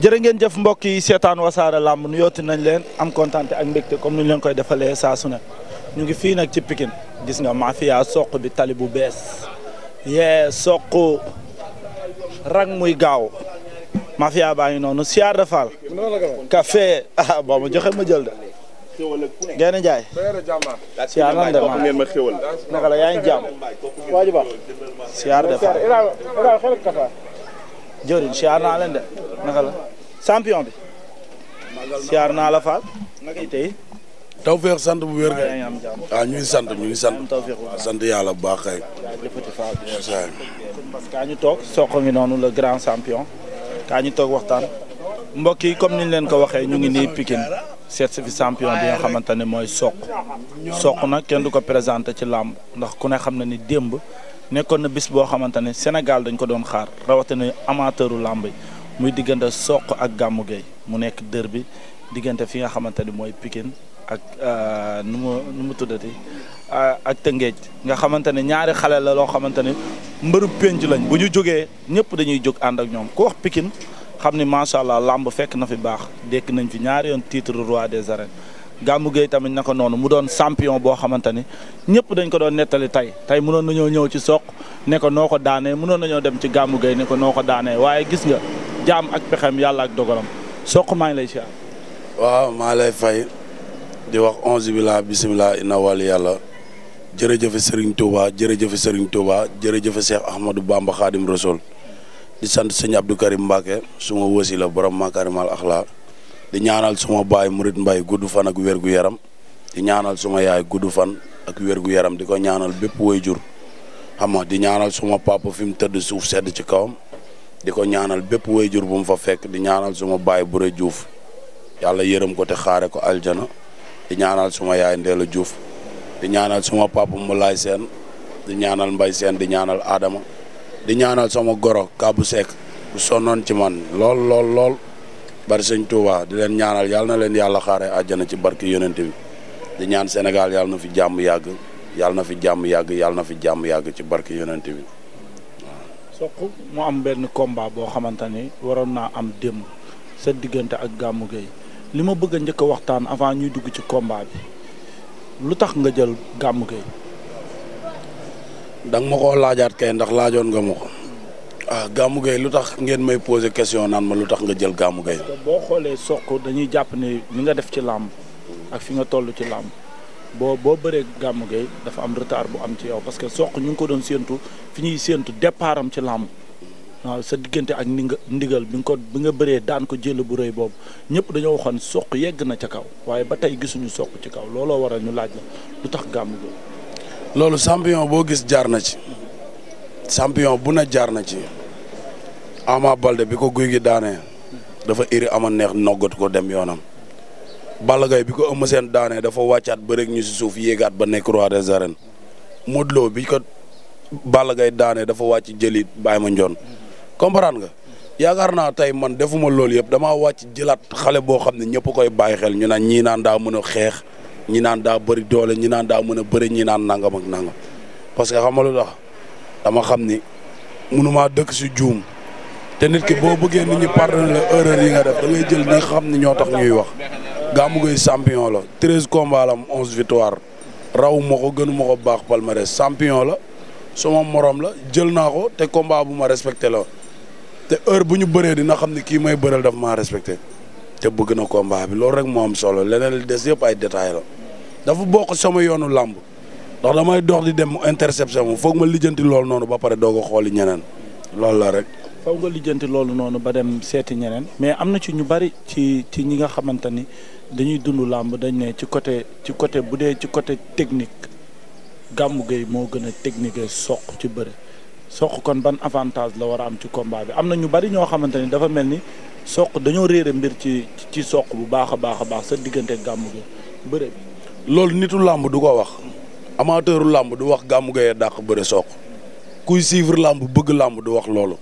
jërë ngeen jëf mbokk yi seetaan wasaare làmb nu yotti nañ leen am kontaan ak mbégte comme ni ñu leen koy defalee saasu su ne ñu ngi fii nag ci gis nga mafia soq bi tali bu bees yee soq rang muy gaaw mafia baa ngi noonu siyaar dafal café ah ma joxe ma jël de Gaynde Njaay siyaar nan jëriñ siyaar naa leen de naka la bi siyaar naa la faal naka tey tawfeex sant bu wér kay waaw ah, ñu ngi sant ñu ngi sant sant yàlla bu baax kay kaa ñu toog soq ngi noonu la grand champion kaa ñu toog waxtaan mbokk yi comme niñ leen ko waxee ñu ngi nii Pikine seet si fi sampion bi nga xamante ne mooy soq soq nag kenn du ko présenté ci làmb ndax ku ne xam na ni démb nekkoon na bis boo xamante ne Sénégal dañ ko doon xaar rawatina amateuru làmb yi muy diggante soq ak gàmmu Gueye mu nekk dër bi diggante fi nga xamante ni mooy Pikine ak euh, nu mu nu mu tuddati euh, ak Tëngéej nga xamante ne ñaari xale la loo xamante ni mbëru penc lañ bu ñu jógee ñëpp dañuy jóg ànd ak ñoom ku wax Pikine xam ni macha allah làmb fekk na fi baax dekk nañ fi ñaari yoon titre roi des arènes Gamou Gueye tamit ko noonu mu doon champion boo xamante ni ñëpp dañ ko doon nettali tey tey mënoon nañoo ñëw ci Sokh ne ko noo ko daanee mënoon nañoo dem ci Gamou Gueye ne ko noo ko daanee waaye gis nga jaam ak pexem yàlla ak dogalam Sokh maa ngi lay siyaar. waaw maa lay fay di wax onze billah bisimilah inna wali yàlla jërëjëf Serigne Touba jërëjëf Serigne Touba jërëjëf Cheikh Ahmadou Bamba Khadim Rasoul di sant sëñ Abdou Karim Mbacke suma ma wësi la borom Makarimal Akhlaq di ñaanal suma baay Murit Mbay gudd fan ak wér gu yaram di ñaanal suma yaay gudd fan ak wér gu yaram di ko ñaanal bépp waajur xam nga di ñaanal suma papa fi mu tëdd suuf sedd ci kawam di ko ñaanal bépp waajur bu mu fa fekk di ñaanal suma baay Bure Juuf yàlla yërëm ko te xaare ko aljana di ñaanal suma yaay Ndeela Juuf di ñaanal suma papa Mulaay Seen di ñaanal Mbay Seen di ñaanal Adama di ñaanal sama goro Kaabu Seck bu sonnoon ci man lool lool bari sëñ Touba di leen ñaanal yàlla na leen yàlla xaare àjjana ci barki yonent bi di ñaan Sénégal yàlla na fi jàmm yàgg yàlla na fi jàmm yàgg yàlla na fi jàmm yàgg ci barki yonent bi soq mu am benn komba boo xamante ni waroon naa am démb sa diggante ak Gamou Gueye li ma bëgg a njëkk waxtaan avant ñuy dugg ci combat bi lu tax nga jël Gamou geey da nga ma koo laajaat kay ndax laajoon nga ma ah Gamou Gueye lu tax ngeen may posé question naan ma lu tax nga jël Gamou Gueye. boo xoolee soq dañuy jàpp ne li nga def ci làmb ak fi nga tollu ci làmb boo boo bëree Gamou Gueye dafa am retard bu am ci yow parce que soq ñu ngi ko doon séentu fi ñuy séentu départ am ci làmb waaw sa diggante ak ni nga ndigal bi nga ko bi nga bëree daan ko jël bu rëy boobu ñëpp dañoo waxoon soq yegg na ca kaw waaye ba tey gisuñu soq ci kaw looloo waral ñu laaj la lu tax Gamou Gueye. loolu champion boo gis jaar na ci champion bu na jaar na ci. Ama Balde bi ko guy gi daanee dafa iri ama neex noggat ko dem yoonam Balla Gaye bi ko Eumeu daanee dafa wàccaat ba rek ñu si suuf yéegaat ba nekk roi des arènes Modou Lo bi ko Balla Gaye daanee dafa wàcc jëli bàyyi ma njoon comprendre nga yaakaar naa tey man defuma loolu yëpp damaa wàcc jëlaat xale boo xam ne ñëpp koy bàyyi xel ñu naan ñii naan daa mën a xeex ñi naan daa bëri doole ñi naan daa mën a bëri ñi naan nangam ak nangam parce que xam nga lu dama xam ni mënumaa dëkk si juum te nit ki boo bëggee ni ñi pardonner la erreur yi nga def da ngay jël ñi xam ne ñoo tax ñuy wax Gamou Gueye champion la treize combats la am onze raw ma ko gënu ma ko baax palmarès champion la sama morom la jël naa ko te combat bu ma respecté la te heure bu ñu bëree dina xam ne kii may bëral daf maa respecté bëgg na combat bi loolu rek moo solo leneen li yëpp ay détails la dafa bokk sama yoonu làmb ndax damay dox di dem interception mu foog ma lijjanti loolu noonu ba pare doog a xooli ñeneen loolu la rek. faw nga lijjanti loolu noonu ba dem seeti ñeneen mais am na ci ñu bari ci ci ñi nga xamante ni dañuy dund làmb dañ ne ci côté ci côté bu dee ci côté technique Gamou Gueye moo gën a technique soq ci bëri soq kon ban avantage la war a am ci combat bi am na ñu bari ñoo xamante ni dafa mel ni soq dañoo réere mbir ci ci soq bu baax a baax a baax sa diggante Gamou Gueye bëre bi loolu nitu làmb du ko wax amateuru làmb du wax Gamou Gueye dàq bëre sook kuy suivre làmb bëgg làmb du wax loolu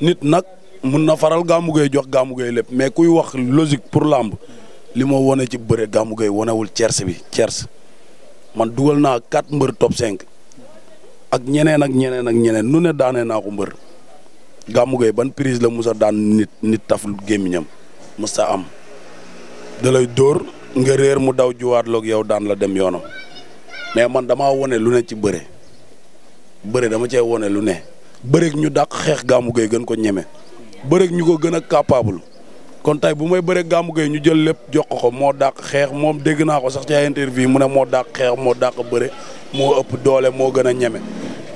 nit nag mun na faral Gamou Gueye jox Gamou Gueye lépp mais kuy wax logique pour làmb li ma wane ci bëre Gamou Gueye wanewul cerse bi cerse man dugal naa quatre mbër top cinq ak ñeneen ak ñeneen ak ñeneen nu ne daanee naa ko mbër Gamou Gueye ban prise la musa daan nit nit taful gémmiñam musta am da lay dóor nga réer mu daw juwaat loog yow daan la dem yoonam mais man dama wone lu ne ci bëre bëre dama cee wone lu ne bëreeg ñu dàq xeex Gamou Gueye gën ko ñeme bëreeg ñu ko gën a capable kon tey bu may bëreeg Gamou Gueye ñu jël lépp jox ko moo dàq xeex moom dégg naa ko sax ci ay interview mu ne moo dàq xeex moo dàq bëre moo ëpp doole moo gën a ñeme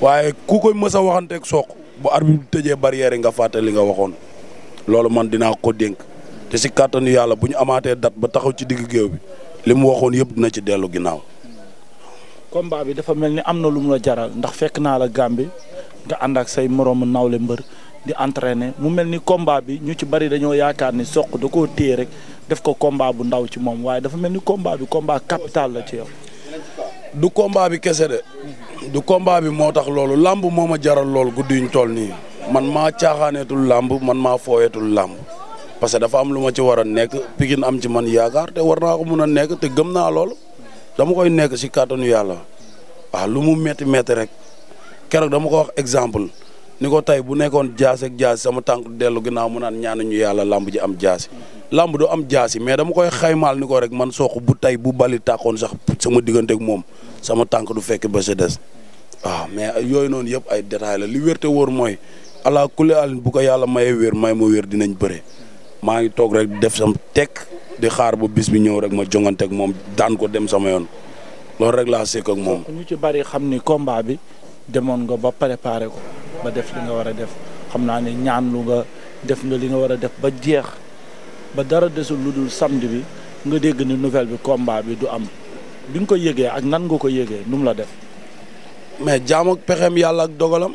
waaye ku koy mësa a waxanteeg sook bu ar bi tëjee barrière nga fàtte li nga waxoon loolu man dina ko dénk te si kàttanu yàlla bu ñu amaatee dat ba taxaw ci digg géew bi li mu waxoon yëpp dina ci dellu ginnaaw. combat bi dafa mel ni am na lu mu jaral ndax fekk naa la Gambie nga ànd ak say moroomu nawle mbër di entraîner mu mel ni combat bi ñu ci bari dañoo yaakaar ni soq da koo téye rek def ko combat bu ndaw ci moom waaye dafa mel ni combat bi combat capital la ci du combat bi kese de. du combat bi moo tax loolu làmb moom ma jaral loolu guddi yuñ nii man maa caaxaaneetul làmb man maa fooyeetul làmb parce que dafa am lu ma ci war a nekk Pikine am ci man yaakaar te war naa ko a nekk te gëm naa loolu dama koy nekk si kàttanu yàlla waaw ah, lu mu métti métti rek. keroog dama ko wax exemple ni ko tey bu nekkoon jaasi ak jaasi sama tànk dellu ginnaaw mu naan ñaanuñu yàlla làmb ji am jaasi. làmb du am jaasi mais dama koy xaymaal ni ko rek man soq bu tey bu bali tàkkoon sax sama diggante moom sama tànk du fekk ba sa des waaw mais yooyu noonu yëpp ay détails la li wér wóor mooy ala kulli alin bu ko yàlla mayee wér may ma wér dinañ bëre maa ngi toog rek def sam tekk di xaar ba bis bi ñëw rek ma jongante moom daan ko dem sama yoon loolu rek laa moom. ñu ci demoon nga ba préparé ko ba def li nga war a def xam naa ne ñaan lu nga def nga li nga war a def ba jeex ba dara desul lu dul samedi bi nga dégg ni nouvelle bi combat bi du am bi nga ko yégee ak nan nga ko yégee nu la def. mais jaam ak pexeem yàlla ak dogalam.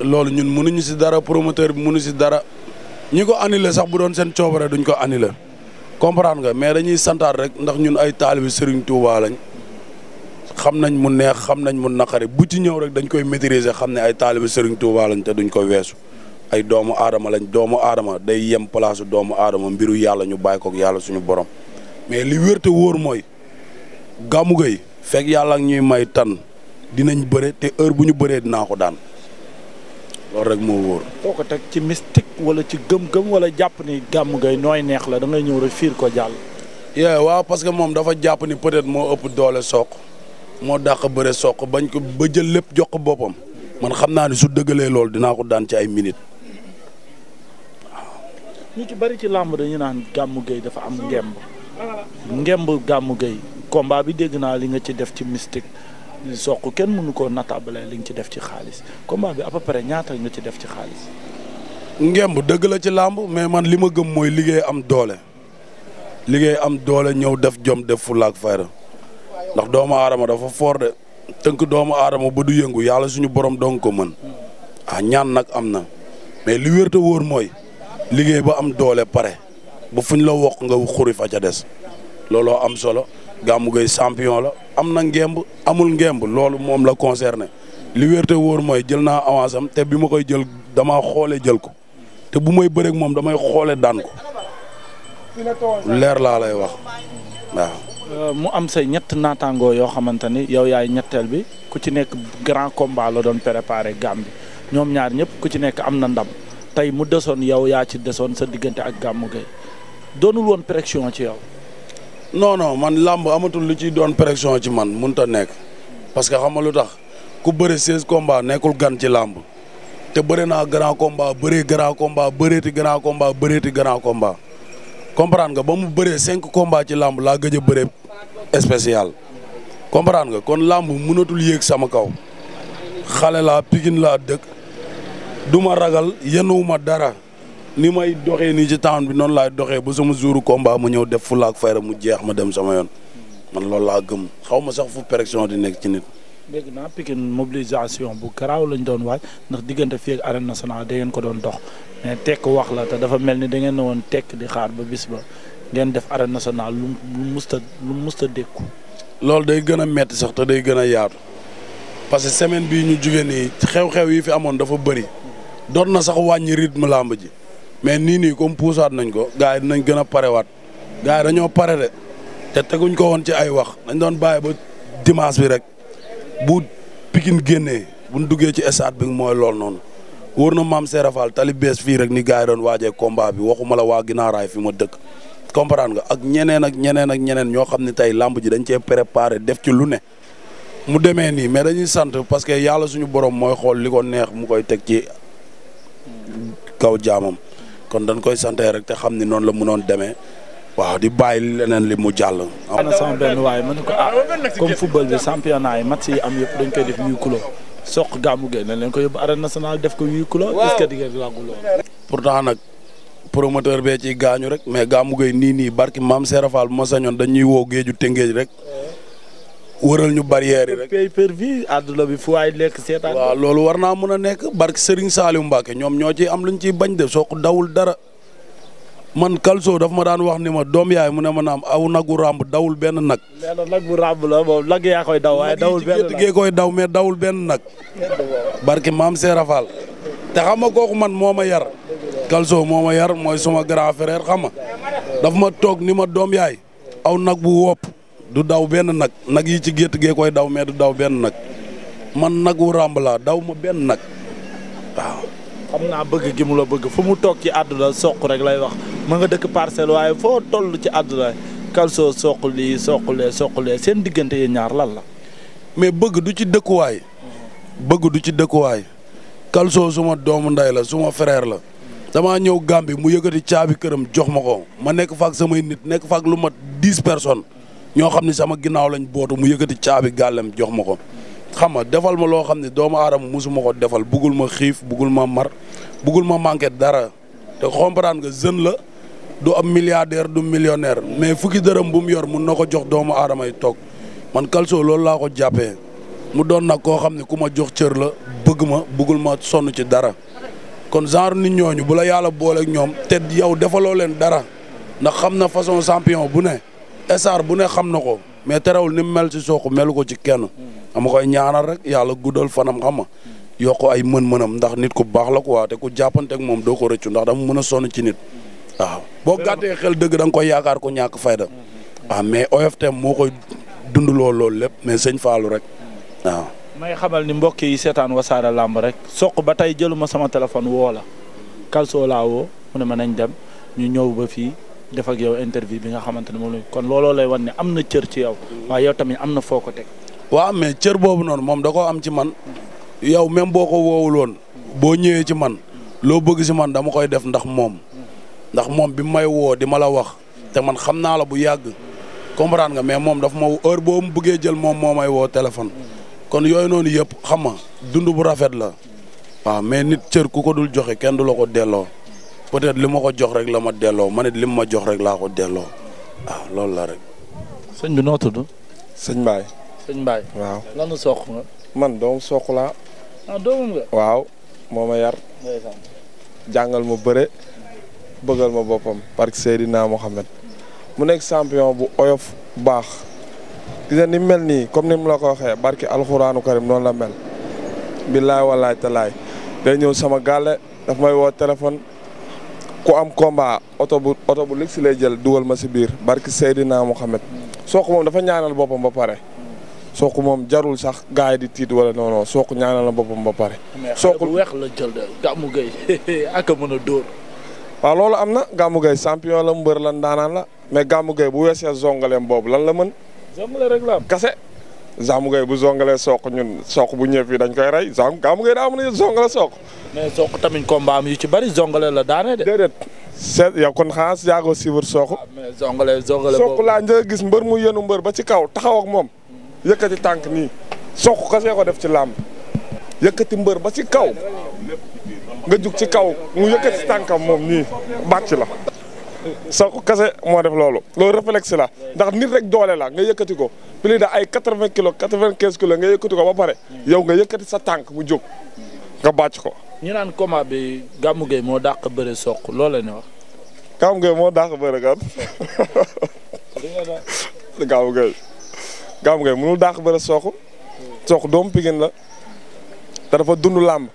loolu ñun mënuñu si dara promoteur bi munu si dara. ñi ko annulé sax bu doon seen coobare duñ ko annulé comprendre nga mais dañuy santaat rek ndax ñun ay taalibi Serigne Touba lañ. xam nañ mu neex xam nañ mu naqari bu ci ñëw rek dañ koy maîtriser xam ne ay taalibe Serigne Touba lañ te duñ ko weesu ay doomu aadama lañ doomu aadama day yem place doomu aadama mbiru yàlla ñu bàyyi kook yàlla suñu borom mais li wér wóor mooy Gamou Gueye fekk yàlla ñuy may tan dinañ bëre te heure bu ñu bëree dinaa ko daan loolu rek moo wóor. foo ko teg ci mystique wala ci gëm-gëm wala jàpp ni Gamou Gueye nooy neex la da ngay ñëw rek fiir ko jàll. waaw parce que moom dafa jàpp ni peut-être moo ëpp doole sook moo dàq bëre soq bañ ko ba jël lépp jox ko boppam man xam naa ne su dëggalee loolu dinaa ko daan ci ay minutes ñu ci bari ci làmb dañu naan Gamou Gueye dafa am ngemb ngemb Gamou Gueye combat bi dégg naa li nga ci def ci mystique soq kenn mënu koo nattabale li nga ci def ci xaalis combat bi à peu ñaata nga ci def ci xaalis. ngemb dëgg la ci làmb mais man li ma gëm mooy liggéey am doole liggéey am doole ñëw def jom def fulaak fayra ndax doomu aadama dafa foor de tënk doomu aadama ba du yëngu yàlla suñu borom dong ko mën ah ñaan nag am na mais li wér wóor mooy liggéey ba am doole pare ba fuñ la wokk nga xuri fa ca des looloo am solo Gamou Gueye champion la am na ngemb amul ngemb loolu moom la concerné li wér wóor mooy jël naa avance am te bi ma koy jël dama xoole jël ko te bu may bëreeg moom damay xoole daan ko leer laa lay wax waaw Euh, mu am say ñett naataangoo yoo xamante ni yow yaay ñetteel bi ku ci nekk grand combat la doon préparé Gàmbi ñoom ñaar ñëpp ku ci nekk am na ndam tey mu desoon yow yaa ci desoon sa diggante ak Gamou Gueye doonul woon pression ci yow. non non man làmb amatul lu ci doon pression ci man mënut nekk parce que xam nga tax ku bëre 16 combat nekkul gan ci làmb te bëre naa grand combat bëree grand combat bëreeti grand combat bëreeti grand nga ba mu bëree 5 combat ci làmb laa gëj a bëree spécial comprendre nga kon làmb mënatul yéeg sama kaw xale laa Pikine laa dëkk duma ragal yenuwu ma dara ni may doxee nii ci temps bi noonu laay doxee ba sama jouru combat mu ñëw def fulaak fayra mu jeex ma dem sama yoon man loolu laa gëm xaw ma sax fu pression di nekk ci nit. dégg naa Pikine mobilisation bu garaaw lañ doon waaj ndax diggante fii ak arène nationale da ngeen ko doon dox mais tekk wax la te dafa mel ni da ngeen ne woon tekk di xaar ba bis ba. ngeen def arène nationale lu mu musta lu mu musta loolu day gën a metti sax te day gën a yaatu parce que semaine bii ñu jugee nii xew-xew yi fi amoon dafa bëri doon na sax wàññi rythme làmb ji mais nii nii comme puusaat nañ ko gars yi dinañ gën a parewaat gars yi dañoo pare de te teguñ ko woon ci ay wax dañ doon bàyyi ba dimanche bi rek bu Pikine génnee nu duggee ci stade bi mooy lool noonu wóor na maam Serafal tali bees fii rek ni gars yi doon waajee combat bi waxuma la waa Ginnaaraay fi ma dëkk. comprendre nga ak ñeneen ak ñeneen ak ñeneen ñoo xam ne tey làmb ji dañ cee préparé def ci lu ne mu demee nii mais dañuy sant parce que yàlla suñu borom mooy xool li ko neex mu koy teg ci kaw jaamam kon dañ koy santee rek te xam ni noonu la mënoon demee waaw di bàyyi leneen li mu jàll. am na sama waaye ma ko ah comme football bi championnat yi match yi am yëpp dañ koy def huis clos soq gàmmu gay nañ leen ko yóbbu arène nationale def ko huis clos est-ce pourtant nag promoteur bee ci gaañu rek mais Gamou Gueye nii nii barki maam Serafal bu ma sañoon dañuy woo géeju tëngéej rek wëral ñu barrière yi rek. pay per bi fu waay lekk seetaan. loolu war naa mën a nekk barki Serigne Saliou Mbacke ñoom ñoo ci am luñ ciy bañ def soo dawul dara man Kalso daf ma daan wax ni ma doom yaay mu ne ma naam aw nagu ràmb dawul benn nag. nee na bu ràmb la moom nag waaye dawul benn daw mais dawul benn nag. barki maam Serafal te xam nga man moo ma yar. Kalso moo ma yar mooy suma grand frère xam nga daf ma toog ni ma doom yaay aw nag bu wopp du daw benn nag nag yi ci gétt gee koy daw mais du daw benn nag man nag wu ràmb laa daw ma benn nag waaw. xam naa bëgg gi mu la bëgg fu mu toog ci àdduna soq rek lay wax ma nga dëkk parcelle waaye foo toll ci àdduna Kalso soq lii soqlee soqlee seen diggante yéen ñaar lan la. mais bëgg du ci dëkkuwaay. bëgg du ci dëkkuwaay. Kalso suma doomu ndey la suma frère la. damaa ñëw Gambie mu yëkkati caabi këram jox ma ko ma nekk faak samay nit nekk faak lu mat dix personnes ñoo xam ni sama ginnaaw lañ bootu mu yëkkati caabi gàllem jox ma ko xam nga defal ma loo xam ne doomu aadama mosuma ko defal buggul ma xiif buggul ma mar buggul ma manqué dara te comprendre nga jeune la du am milliardaire du millionnaire mais fukki dërëm bu mu yor mun na ko jox doomu aadama yi toog man Kalso loolu laa ko jàppee mu doon nag koo xam ne ku ma jox cër la bëgg ma buggul ma sonn ci dara kon genre nit ñooñu bu la yàlla booleeg ñoom te yow defaloo leen dara ndax xam na façon champion bu ne estar bu ne xam na ko mais terewul ni mu mel si Sokh melu ko ci kenn ama koy ñaanal rek yàlla guddal fanam xam nga yokk ay mën-mënam ndax nit ku baax la quoi te ku jàppanteeg moom doo ko rëccu ndax dama mën a sonn ci nit waaw boo gàttee xel dëgg da koy yaakaar ko ñàkk fayda waaw mais OFTM moo koy dund lool loolu lépp mais sëñ Fallou rek waaw may xamal ni mbokk yi seetaan wasaare làmb rek soq ba tey jëluma sama téléphone woola la woo mu ne ma nañ dem ñu ñëw ba fii def yaw yow interview bi nga xamante ne moom lañ kon looloo lay wan ne am na cër ci yow. waaye yow tamit am na foo ko teg. waaw mais cër boobu noonu moom da koo am ci man. yow même boo ko woowul woon. boo ñëwee ci man. loo bëgg si man dama koy def ndax moom. ndax moom bi may woo di ma la wax. te man xam naa la bu yàgg. comprendre nga mais moom dafa ma heure boo mu bëggee jël moom moo may woo téléphone. kon yooyu noonu yëpp xam nga dund bu rafet la waaw mais nit cër ku ko dul joxe kenn du la ko delloo peut-être li ma ko jox rek la ma delloo man it li ma jox rek laa ko delloo waaw loolu la rek. sëñ bi noo tudd. sëñ Mbaye. sëñ Mbaye. waaw lanu soq nga. man doomu soq ah, waaw moo ma yar. jàngal ma bëre bëggal ma boppam. parce que Seydina Mohamed mu nekk champion bu oyof baax. gis nga ni mel nii comme ni mu la ko waxee barki alxuraanu karim noonu la mel. billaay wallaay talaay day ñëw sama gàlle daf may woo téléphone ku am komba oto bu oto bu ligg si lay jël dugal ma si biir barki Seydina Mohamed sook moom dafa ñaanal boppam ba pare. Sokh moom jarul sax gars yi di tiit wala non non Sokh ñaanal na boppam ba pare. Sokh weex la jël de Gamou Gueye ak a mën a dóor. waaw loolu am na Gamou Gueye champion la mbër la ndaanaan la mais Gamou Gueye bu weesee zongaleem boobu lan la mën. zongale rek la am kase. Zambu Gueye bu zongalee soq ñun sook bu ñëw fii dañ koy rey Zambu Gambu Gueye daa am na zongale soq. mais soq tamit combat am yu ci bari zongale la daane de. déedéet seet yow kon xanaa yaa ko siiwal soq. Ah, mais zongale zongale boobu soq laa njëkk gis mbër mu yenu mbër ba ci kaw taxaw ak moom. yëkkati tànk nii sook kase ko def ci làmb. yëkkati mbër ba ci kaw nga jug ci kaw mu yëkkati tànkam moom nii bàcc la. Sakho kese moo def loolu loolu réflexe la ndax nit rek doole la nga yëkkati ko plus de ay quatre vingt kilos quatre vingt quinze kilos nga yëkkati ko ba pare yow nga yëkkati sa tànk mu jóg nga bàcc ko. ñu naan combat bi Gamou Gueye moo dàq bëre soq loolu la ñu wax. Gamou Gueye moo dàq bëre gan. Gamou Gueye Gamou Gueye mënul dàq bëre soq. soq doomu Pikine la te dafa dund làmb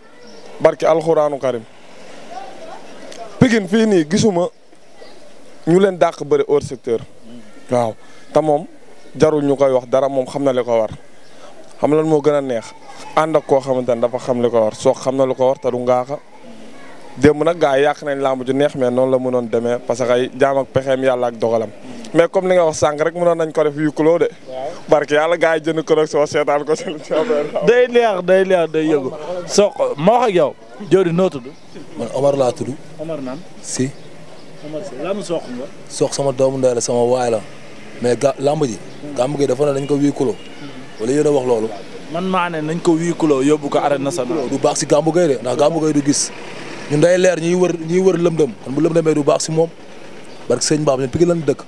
barki alxuraanu karim Pikine fii nii gisuma. ñu leen dàq bëri hors secteur waaw te moom jarul ñu koy wax dara moom xam na li ko war xam lan moo gën a neex ànd ak koo xamante ne dafa xam li ko war soo xam na lu ko war te du ngaaxa démb na gaa yàq nañ làmb ju neex mais noonu la mënoon demee parce que ay jaam ak pexeem yàlla ak dogalam mais comme li nga wax sànq rek mënoon nañ ko def yu kuloo de. barke yàlla gaa yi jënd ko rek soo seetaan ko si day leer day leer day yëngu soo ma wax ak yow. Jody noo tudd. man Omar si. lamb sox nga. sox sama doomu ndey la sama waay la mais ga lamb ji. lamb gi dafa ne dañ ko wii kuloo. wala yéen a wax loolu. man maa ne nañ ko wii kuloo yóbbu ko arène nationale. du baax si de ndax gàmbu du gis ñun day leer ñuy wër ñuy kon bu lëmdëmee du baax moom barke sëñ Ba ñun Pikine lan dëkk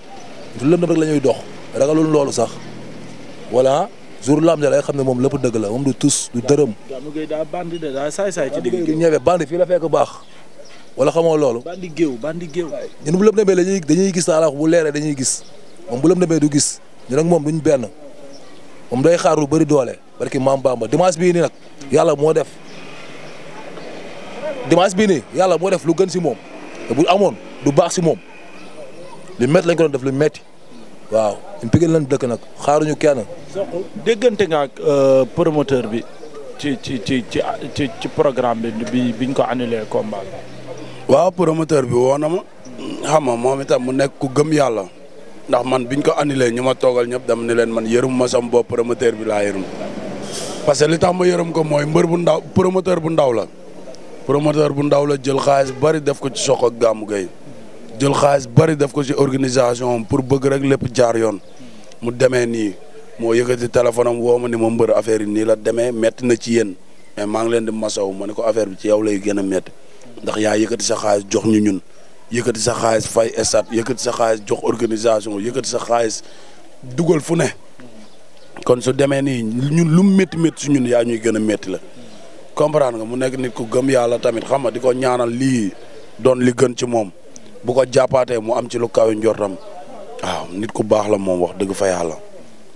du lëmdëm rek la ñuy dox ragalul loolu sax voilà jour lamb ja lay xam ne moom lépp dëgg la moom du tus du dërëm. gàmbu gay daa bandi de daa saay saay fii la fekk baax wala xamoo loolu. bandi géew bandi géew. ñun bu lëm demee dañuy dañuy gis daal bu leeree dañuy gis moom bu lëm demee du gis ñun ak moom duñ benn moom day xaar lu bari doole barki maam Bamba dimanche bi ni nag yàlla moo def dimanche bii nii yàlla moo def lu gën si moom te bu amoon du baax si moom lu métti lañ ko def lu métti waaw ñun Pikine lañ dëkk nag xaaruñu kenn. déggante nga ak euh, promoteur bi. ci ci ci ci ci programme bi bi biñ ko annulé combat bi. waaw promoteur bi woo na ma. xam moom itam mu nekk ku gëm yàlla. ndax man biñ ko annulé ñu ma toogal ñëpp dem ne leen man yërëm ma sam bopp promoteur bi laa yërëm. parce que li tax ma yërëm ko mooy mbër bu ndaw promoteur bu ndaw la. promoteur bu ndaw la jël xaalis bari def ko ci sox gàmmu gay jël xaalis bari def ko ci organisation pour bëgg rek lépp jaar yoon mu demee nii moo yëkkati téléphone am woo ma ni ma mbër affaire yi nii la demee métti na ci yéen mais maa ngi leen di masaw ma ne ko affaire bi ci yow lay gën a métti ndax yaa yëkkati sa xaalis jox ñu ñun yëkkati sa xaalis fay stade yëkkati sa xaalis jox organisation yëkkati sa xaalis dugal fu ne kon su demee ni ñun lu métti métti su ñun yaa ñuy gën a métti la comprendre nga mu nekk nit ku gëm yàlla tamit xam nga di ko ñaanal lii don li gën ci moom bu ko jàppaatee mu am ci lu kawe njortam waaw nit ku baax la moom wax dëgg fa yàlla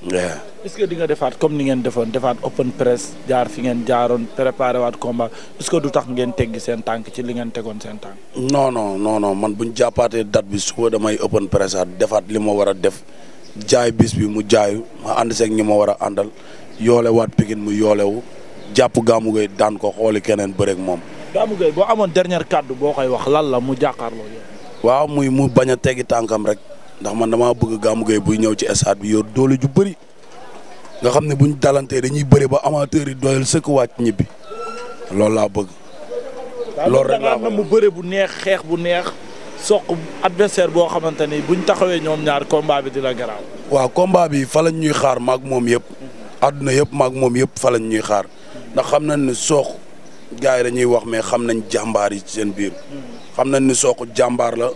est-ce que di nga defaat comme ni ngeen defoon defaat open press jaar fi ngeen jaaroon préparé waat combat est-ce que du tax ngeen teggi seen tànk ci li ngeen tegoon seen tànk. non nono man bu ñu jàppaatee date bi suba damay open press at defaat li ma war a def jaay bis bi mu jaayu ma ànd seeg ñi ma war a àndal yoole waat pikin mu yoolewu jàpp gàmmu gay daan ko xooli keneen bëreeg moom. gàmmu gay boo amoon dernier kàddu boo koy wax lan la mu jàkkaarloo yow. waaw muy mu bañ a teggi tànkam rek. ndax man damaa bëgg Gamou Gueye buy ñëw ci stade bi yor doole ju bëri nga xam ne buñ dalantee dañuy bëri ba amateur yi doyal sëkk wàcc ñibbi loolu laa bëgg. loolu rek laa bëgg mu bëri bu neex xeex bu neex soq adversaire boo xamante ni buñ taxawee ñoom ñaar combat bi di la garaaw. waaw combat bi fa lañ ñuy xaar maak moom yëpp. àdduna yëpp maag moom yëpp fa lañ ñuy xaar ndax xam nañ ne sook gars yi dañuy wax mais xam nañ jàmbaar yi ci seen biir. Hmm. xam nañ ne soq jàmbaar la.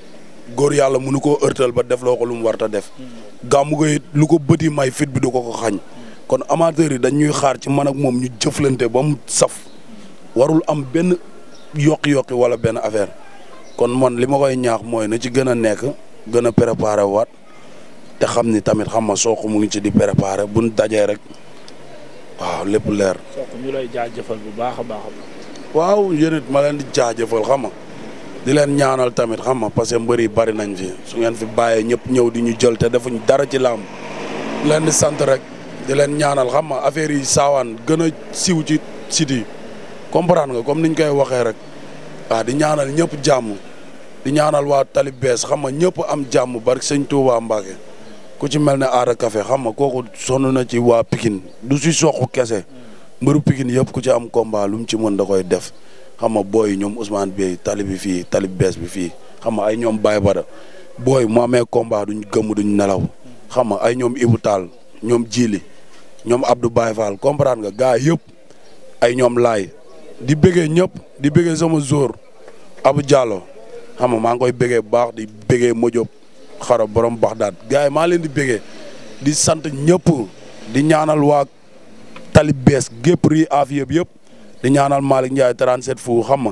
góor yàlla mënu ko ërtal ba def loo ko lu mu warta def gàmmu ko lu ko bëti may fit bi du ko ko xañ kon amateurs yi dañuy xaar ci man ak moom ñu jëflante ba mu saf warul am benn yokki-yokki wala benn affaire kon man li ma koy ñaax mooy na ci gën a nekk gën a préparé waat te xam ni tamit xam ma soo ko mu ngi ci di préparé buñ dajee rek waaw lépp leer. soo bu baax a baax ma leen di jaajëfal xam nga di leen ñaanal tamit xam nga parce que mbër yi bari nañ fi su ngeen fi bàyyee ñëpp ñëw di ñu jël te defuñ dara ci làmb leen di sant rek di leen ñaanal xam nga affaire yi saawaan gën a siw ci site yi nga comme niñ koy waxee rek waaw di ñaanal ñëpp jàmm di ñaanal waa tali bees xam nga ñëpp am jàmm barke sëñ Touba Mbacke ku ci mel ne aada café xam nga kooku sonna na ci waa pikin du si soq kese mbëru Pikine yëpp ku ci am combat lu mu ci mën da koy def xam nga booy ñoom Ousmane bi tali bi fii tali bees bi fii xam ay ñoom Baye Bada booy mu amee combat duñ gëmm duñ nelaw xam nga ay ñoom Ibou Tall ñoom Djili ñoom ab Baye Fall comprendre nga gars yëpp ay ñoom laay di bëggee ñëpp di bëggee sama jour Abou jaalo xam nga maa ngi koy bëggee bu baax di bëggee Modou xaro borom bax daat gars maa leen di bege di sant ñëpp di ñaanal waa tali bees gépp ri aaf yëpp di ñaanal Malick Ndiaye 37 fu xam ma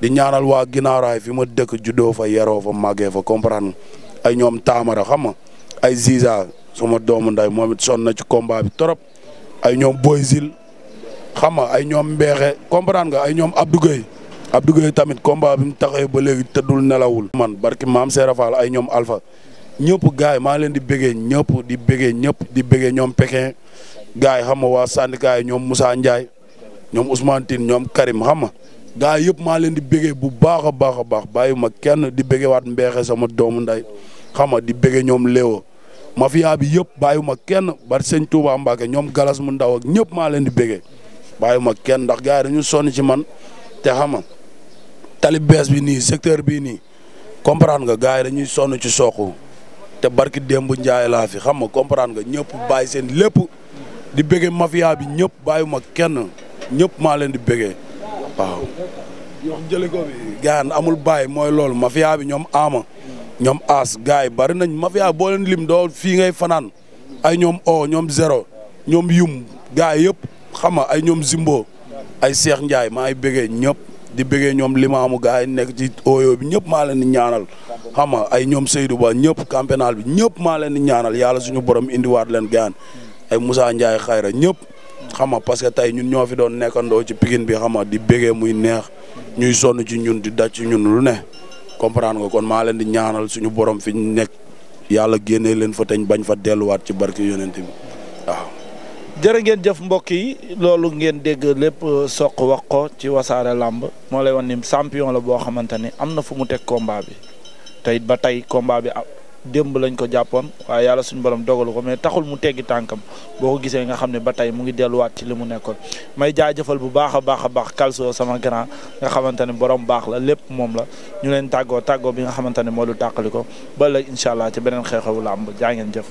di ñaanal waa Guinaw fi ma dëkk juddoo fa yeroo fa màggee fa comprendre ay ñoom taamara xam ma ay Ziza sama doomu nday moom it sonn na ci combat trop ay ñoom Boy Zil xam nga ay ñoom Mbeexe comprendre nga ay ñoom Abdou Gueye Abdou Gueye tamit combat bi mu taxee ba léegi tëddul nelawul. man barki maam Serafal ay ñoom Alpha ñëpp gars yi maa leen di bëggee ñëpp di bëggee ñëpp di bëggee ñoom Pekin gars yi xam nga waa syndicat yi ñoom Moussa Ndiaye. ñoom Ousmane Tine ñoom Karim xam nga yëpp maa leen di bëggee bu baax a baax a baax bàyyi ma kenn di bëggewaat mbeexe sama doomu nday xam nga di bëgge ñoom léewa mafia bi yëpp bàyyi ma kenn bari sëñ Touba Mbacke ñoom galas mu ndaw ak ñëpp maa leen di bëggee bàyyi ma kenn ndax gars yi dañu sonn ci man te xam nga tali bees bi nii secteur bii nii comprendre nga gars yi dañuy sonn ci sooku te barki démb njaay laa fi xam nga comprendre nga ñëpp bàyyi seen lépp di bëggee mafia bi ñëpp bàyyi ma kenn ñëpp maa leen di bëggee waaw. ko gaan amul bàyyi mooy loolu mafia bi ñoom ama ñoom aas gars yi bari nañ mafia boo leen lim doo fii ngay fanaan ay ñoom o ñoom zéro ñoom yum gars yëpp xama ay ñoom zimbo ay Cheikh Ndiaye maa ngi bëggee ñëpp di bëggee ñoom limaamu gars yi nekk ci ooyo bi ñëpp maa leen di ñaanal xama ay ñoom Seydou Ba ñëpp campénal bi ñëpp maa leen di ñaanal yàlla suñu borom indiwaat leen gaan ay Moussa Ndiaye xayra ñëpp xam nga parce que tey ñun ñoo fi doon nekkandoo ci Pikine bi xam nga di bégee muy neex ñuy sonn ci ñun di daj ci ñun lu ne comprendre nga kon maa leen di ñaanal suñu borom fi ñu nekk yàlla génnee leen fa teñ bañ fa delluwaat ci barke yonent bi waaw. jërë ngeen jaf mbokk yi loolu ngeen dégg lépp euh, soq wax ko ci wasaare làmb moo lay wan ni champion la boo xamante ni am na fu mu teg combat bi tey ba tey combat bi démb lañ ko jàppoon waaye yàlla suñu borom dogalu ko mais taxul mu teggi tànkam boo ko gisee nga xam ne ba tey mu ngi delluwaat ci li mu nekkoon may jaajëfal bu baax a baax a baax Kalso sama grand nga xamante ne borom baax la lépp moom la ñu leen tàggoo tàggoo bi nga xamante ne moo lu tàqali ko bala léegi incha allah ci beneen xew-xewu làmb jaa ngeen jëf.